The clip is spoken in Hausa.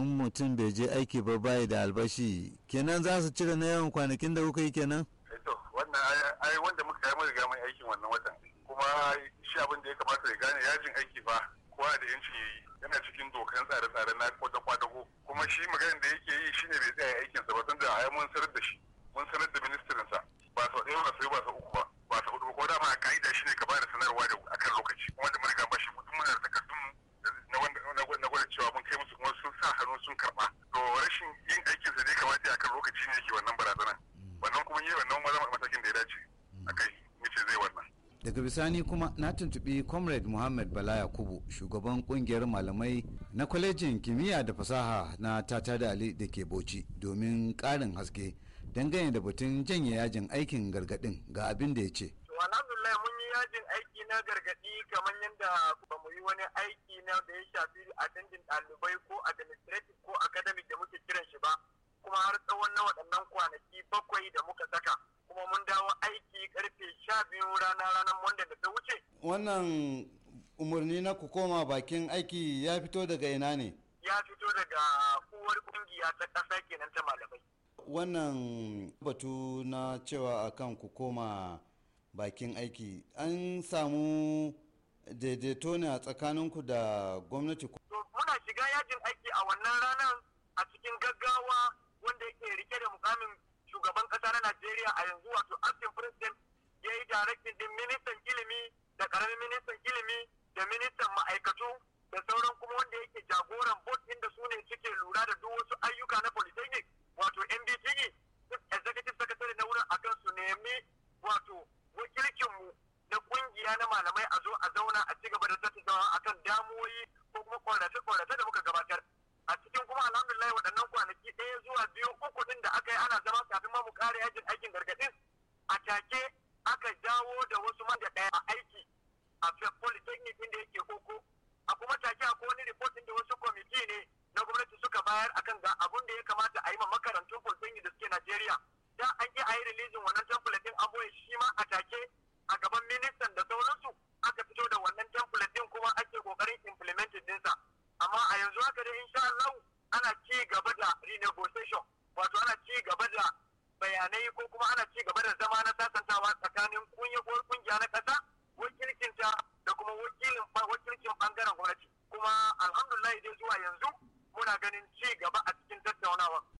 in mutum bai je aiki ba bai da albashi kenan za su cire na yawan kwanakin da kuka yi kenan eh to wannan ai wanda muka yi mai mai aikin wannan watan kuma shi abin da ya kamata ya gane yajin aiki fa kowa da yancin yi, yana cikin dokan tsare-tsare na kwadago kuma shi maganin da yake yi shine bai tsaya aikinsa ba a ai mun sanar da shi mun sanar da ministirinsa ba sau ɗaya ba sau ba sau daga bisani kuma na tuntubi comrade muhammad bala yakubu shugaban kungiyar malamai na kwalejin kimiyya da fasaha na tata da ali da ke bauchi domin karin haske dangane da batun janye yajin aikin gargadin ga abin da ya ce alhamdulillah mun yi yajin aiki na gargadi kamar yadda ba mu yi wani aiki na da ya shafi attending ɗalibai ko administrative ko academic da muke kiran shi ba kuma har tsawon na waɗannan kwanaki bakwai da muka saka kuma mun dawo aiki karfe sha biyu rana ranar wanda da ta wuce. Wannan umarni na ku koma bakin aiki ya fito daga ina ne? Ya fito daga uwar kungiya ta ƙasa kenan ta malamai. Wannan batu na cewa akan ku koma bakin aiki an samu daidaito ne a tsakaninku da gwamnati. Muna shiga yajin aiki a wannan ranar a cikin gaggawa wanda yake rike da mukamin Najeriya a yanzu wato acting president ya yi directing din ministan ilimi da karamin ministan ilimi da ministan ma'aikatu da sauran kuma wanda yake jagoran board inda su ne suke lura da duk wasu ayyuka na polytechnic wato NDTE executive secretary na wurin akan su nemi wato mu na kungiya na malamai a zo a zauna a ci gaba da tattaunawa akan damuwoyi ko kuma kwarace-kwarace da yajin aikin gargadin a take aka jawo da wasu man da a aiki a polytechnic inda yake koko a kuma take a wani reportin da wasu kwamiti ne na gwamnati suka bayar akan ga abun da ya kamata a yi ma makarantun polytechnic da suke Najeriya da an yi a yi rilijin wannan template din abuwa shi ma a take a gaban ministan da sauransu aka fito da wannan template din kuma ake kokarin implementing dinsa amma a yanzu haka dai insha Allah ana ci gaba da renegotiation wato ana ci gaba da bayanai ko kuma ana ci gaba da zama na sasantawa tsakanin kungiya na ƙasa ta da kuma wakilcin bangaren gwamnati kuma alhamdulillah idan zuwa yanzu muna ganin ci gaba a cikin tattaunawar.